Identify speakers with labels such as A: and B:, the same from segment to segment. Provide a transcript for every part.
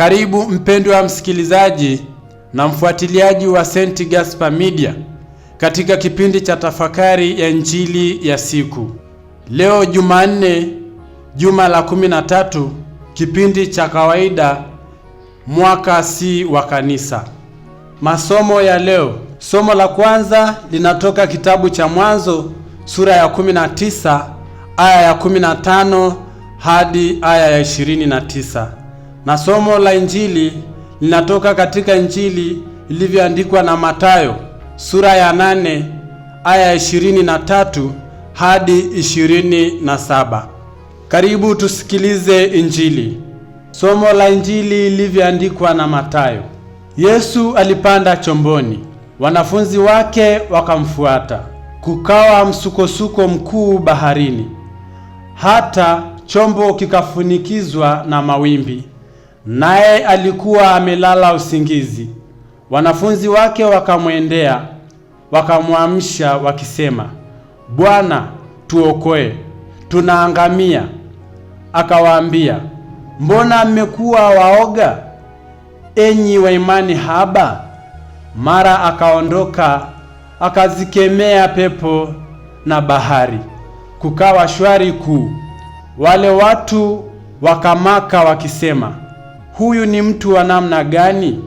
A: Karibu mpendwa msikilizaji na mfuatiliaji wa St. Gaspar Media katika kipindi cha tafakari ya Injili ya siku. Leo Jumanne, juma la 13, kipindi cha kawaida, mwaka si wa kanisa. Masomo ya leo. Somo la kwanza linatoka kitabu cha Mwanzo sura ya 19 aya ya 15 hadi aya ya 29 na somo la Injili linatoka katika Injili ilivyoandikwa na matayo sura ya nane aya ishirini na tatu hadi ishirini na saba. Karibu tusikilize Injili. Somo la Injili ilivyoandikwa na matayo Yesu alipanda chomboni, wanafunzi wake wakamfuata. Kukawa msukosuko mkuu baharini, hata chombo kikafunikizwa na mawimbi, naye alikuwa amelala usingizi. Wanafunzi wake wakamwendea wakamwamsha wakisema, Bwana, tuokoe, tunaangamia. Akawaambia, mbona mmekuwa waoga, enyi wa imani haba? Mara akaondoka akazikemea pepo na bahari, kukawa shwari kuu. Wale watu wakamaka wakisema huyu ni mtu wa namna gani,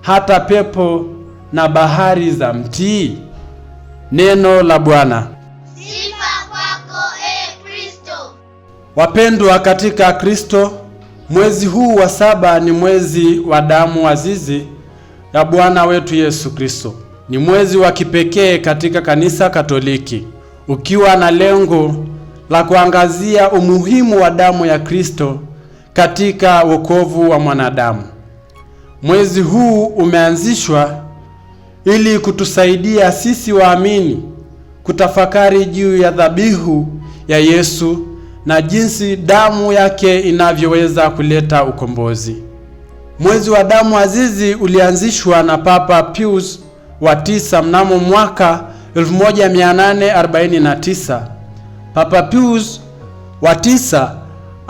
A: hata pepo na bahari za mtii? Neno la Bwana. Sifa kwako e Kristo. Wapendwa katika Kristo, mwezi huu wa saba ni mwezi wa damu azizi ya Bwana wetu Yesu Kristo. Ni mwezi wa kipekee katika kanisa Katoliki, ukiwa na lengo la kuangazia umuhimu wa damu ya Kristo katika wokovu wa mwanadamu. Mwezi huu umeanzishwa ili kutusaidia sisi waamini kutafakari juu ya dhabihu ya Yesu na jinsi damu yake inavyoweza kuleta ukombozi. Mwezi wa damu azizi ulianzishwa na Papa Pius wa tisa mnamo mwaka 1849. Papa Pius wa tisa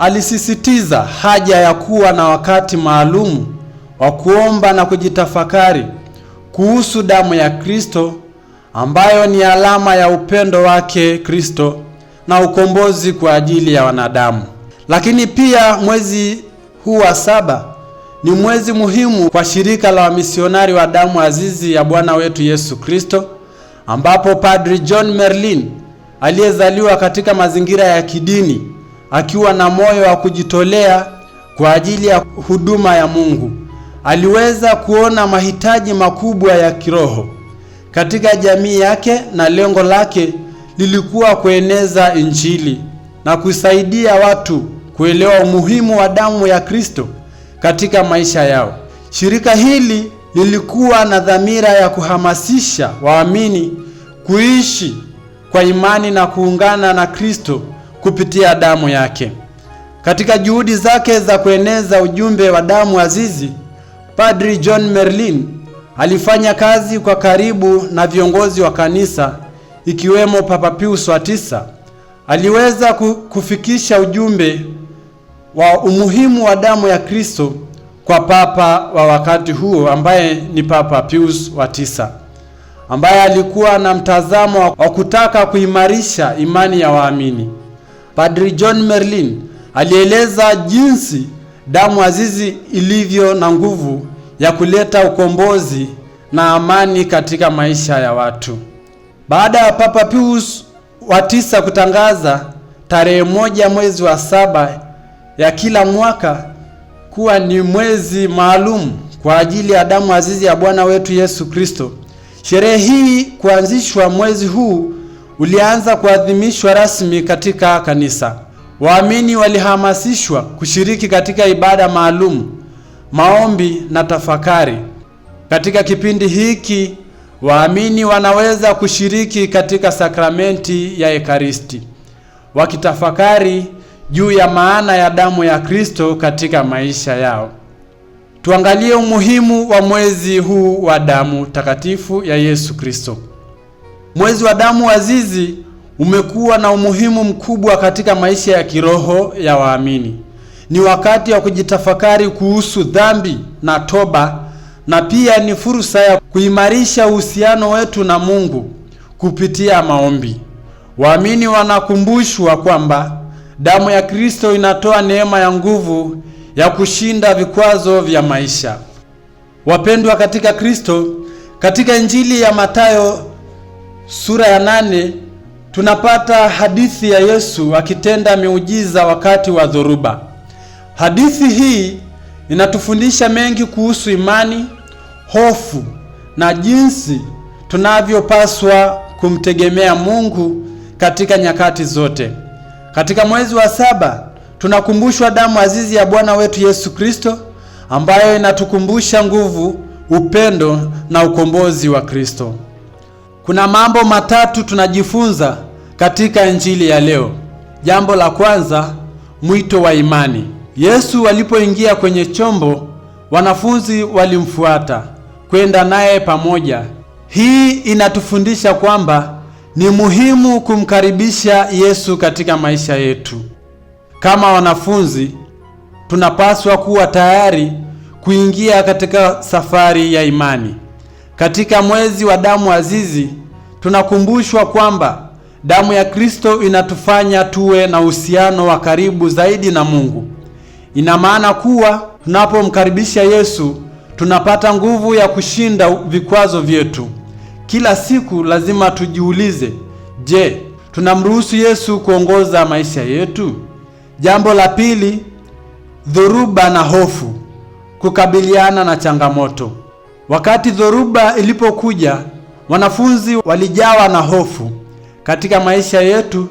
A: Alisisitiza haja ya kuwa na wakati maalum wa kuomba na kujitafakari kuhusu damu ya Kristo ambayo ni alama ya upendo wake Kristo na ukombozi kwa ajili ya wanadamu. Lakini pia mwezi huu wa saba ni mwezi muhimu kwa shirika la wamisionari wa damu azizi ya Bwana wetu Yesu Kristo, ambapo Padri John Merlin aliyezaliwa katika mazingira ya kidini akiwa na moyo wa kujitolea kwa ajili ya huduma ya Mungu. Aliweza kuona mahitaji makubwa ya kiroho katika jamii yake na lengo lake lilikuwa kueneza Injili na kusaidia watu kuelewa umuhimu wa damu ya Kristo katika maisha yao. Shirika hili lilikuwa na dhamira ya kuhamasisha waamini kuishi kwa imani na kuungana na Kristo kupitia damu yake. Katika juhudi zake za kueneza ujumbe wa damu azizi, Padri John Merlin alifanya kazi kwa karibu na viongozi wa kanisa ikiwemo Papa Pius wa tisa. Aliweza kufikisha ujumbe wa umuhimu wa damu ya Kristo kwa papa wa wakati huo ambaye ni Papa Pius wa tisa, ambaye alikuwa na mtazamo wa kutaka kuimarisha imani ya waamini. Padri John Merlin alieleza jinsi damu azizi ilivyo na nguvu ya kuleta ukombozi na amani katika maisha ya watu. Baada ya Papa Pius wa tisa kutangaza tarehe moja mwezi wa saba ya kila mwaka kuwa ni mwezi maalum kwa ajili ya damu azizi ya Bwana wetu Yesu Kristo. Sherehe hii kuanzishwa mwezi huu ulianza kuadhimishwa rasmi katika kanisa. Waamini walihamasishwa kushiriki katika ibada maalum, maombi na tafakari. Katika kipindi hiki waamini wanaweza kushiriki katika sakramenti ya Ekaristi wakitafakari juu ya maana ya damu ya Kristo katika maisha yao. Tuangalie umuhimu wa mwezi huu wa damu takatifu ya Yesu Kristo. Mwezi wa Damu Azizi umekuwa na umuhimu mkubwa katika maisha ya kiroho ya waamini. Ni wakati wa kujitafakari kuhusu dhambi na toba, na pia ni fursa ya kuimarisha uhusiano wetu na Mungu kupitia maombi. Waamini wanakumbushwa kwamba damu ya Kristo inatoa neema ya nguvu ya kushinda vikwazo vya maisha. Wapendwa katika Kristo, katika Injili ya Mathayo sura ya nane tunapata hadithi ya Yesu akitenda miujiza wakati wa dhoruba. Hadithi hii inatufundisha mengi kuhusu imani, hofu na jinsi tunavyopaswa kumtegemea Mungu katika nyakati zote. Katika mwezi wa saba tunakumbushwa damu azizi ya Bwana wetu Yesu Kristo ambayo inatukumbusha nguvu, upendo na ukombozi wa Kristo. Kuna mambo matatu tunajifunza katika injili ya leo. Jambo la kwanza, mwito wa imani. Yesu alipoingia kwenye chombo, wanafunzi walimfuata kwenda naye pamoja. Hii inatufundisha kwamba ni muhimu kumkaribisha Yesu katika maisha yetu. Kama wanafunzi, tunapaswa kuwa tayari kuingia katika safari ya imani. Katika mwezi wa damu azizi tunakumbushwa kwamba damu ya Kristo inatufanya tuwe na uhusiano wa karibu zaidi na Mungu. Ina maana kuwa tunapomkaribisha Yesu tunapata nguvu ya kushinda vikwazo vyetu. Kila siku lazima tujiulize, je, tunamruhusu Yesu kuongoza maisha yetu? Jambo la pili, dhoruba na hofu, kukabiliana na changamoto. Wakati dhoruba ilipokuja, wanafunzi walijawa na hofu. Katika maisha yetu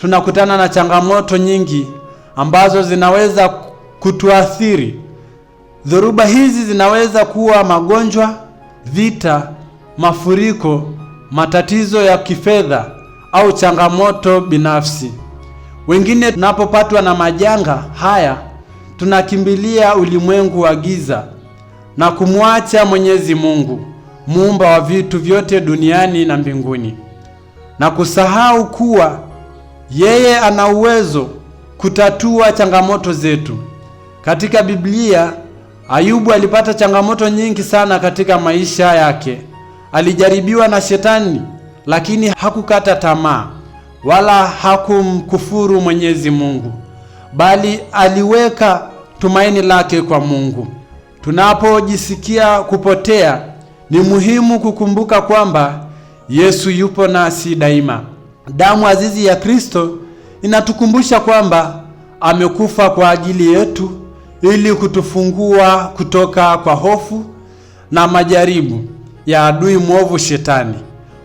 A: tunakutana na changamoto nyingi ambazo zinaweza kutuathiri. Dhoruba hizi zinaweza kuwa magonjwa, vita, mafuriko, matatizo ya kifedha au changamoto binafsi. Wengine tunapopatwa na majanga haya tunakimbilia ulimwengu wa giza na kumwacha Mwenyezi Mungu muumba wa vitu vyote duniani na mbinguni, na kusahau kuwa yeye ana uwezo kutatua changamoto zetu. Katika Biblia, Ayubu alipata changamoto nyingi sana katika maisha yake. Alijaribiwa na shetani, lakini hakukata tamaa wala hakumkufuru Mwenyezi Mungu, bali aliweka tumaini lake kwa Mungu tunapojisikia kupotea, ni muhimu kukumbuka kwamba Yesu yupo nasi daima. Damu azizi ya Kristo inatukumbusha kwamba amekufa kwa ajili yetu ili kutufungua kutoka kwa hofu na majaribu ya adui mwovu Shetani.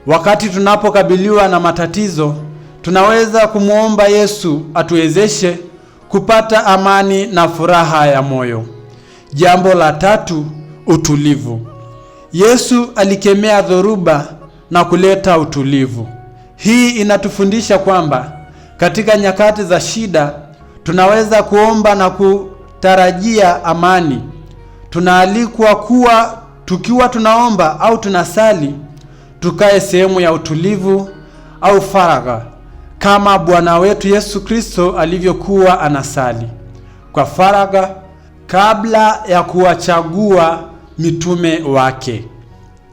A: Wakati tunapokabiliwa na matatizo, tunaweza kumwomba Yesu atuwezeshe kupata amani na furaha ya moyo. Jambo la tatu, utulivu. Yesu alikemea dhoruba na kuleta utulivu. Hii inatufundisha kwamba katika nyakati za shida tunaweza kuomba na kutarajia amani. Tunaalikwa kuwa tukiwa tunaomba au tunasali, tukae sehemu ya utulivu au faragha, kama Bwana wetu Yesu Kristo alivyokuwa anasali kwa faragha kabla ya kuwachagua mitume wake.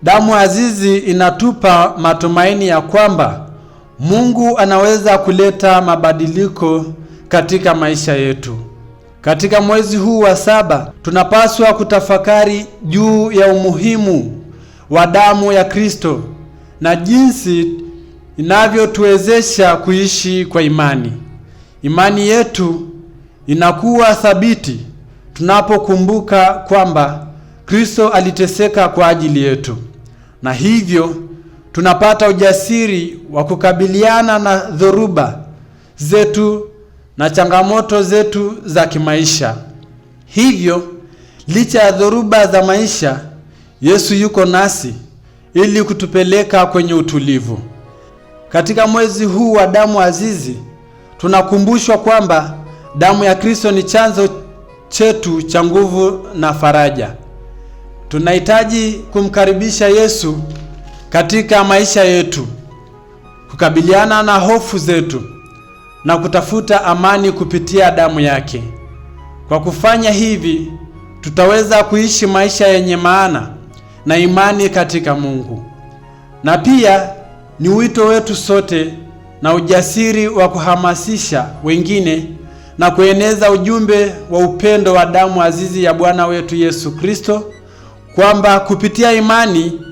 A: Damu azizi inatupa matumaini ya kwamba Mungu anaweza kuleta mabadiliko katika maisha yetu. Katika mwezi huu wa saba tunapaswa kutafakari juu ya umuhimu wa damu ya Kristo na jinsi inavyotuwezesha kuishi kwa imani. Imani yetu inakuwa thabiti tunapokumbuka kwamba Kristo aliteseka kwa ajili yetu, na hivyo tunapata ujasiri wa kukabiliana na dhoruba zetu na changamoto zetu za kimaisha. Hivyo, licha ya dhoruba za maisha, Yesu yuko nasi ili kutupeleka kwenye utulivu. Katika mwezi huu wa damu azizi, tunakumbushwa kwamba damu ya Kristo ni chanzo chetu cha nguvu na faraja. Tunahitaji kumkaribisha Yesu katika maisha yetu, kukabiliana na hofu zetu na kutafuta amani kupitia damu yake. Kwa kufanya hivi, tutaweza kuishi maisha yenye maana na imani katika Mungu. Na pia ni wito wetu sote na ujasiri wa kuhamasisha wengine na kueneza ujumbe wa upendo wa damu azizi ya Bwana wetu Yesu Kristo, kwamba kupitia imani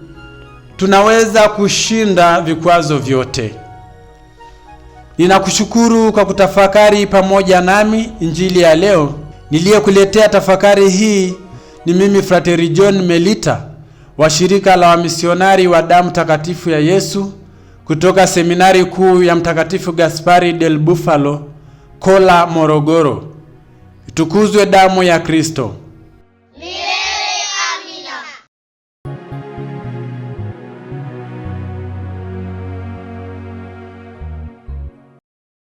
A: tunaweza kushinda vikwazo vyote. Ninakushukuru kwa kutafakari pamoja nami injili ya leo. Niliyekuletea tafakari hii ni mimi Frateri John Melita wa shirika la wamisionari wa damu takatifu ya Yesu kutoka seminari kuu ya Mtakatifu Gaspari del Bufalo Kola Morogoro. Itukuzwe damu ya Kristo!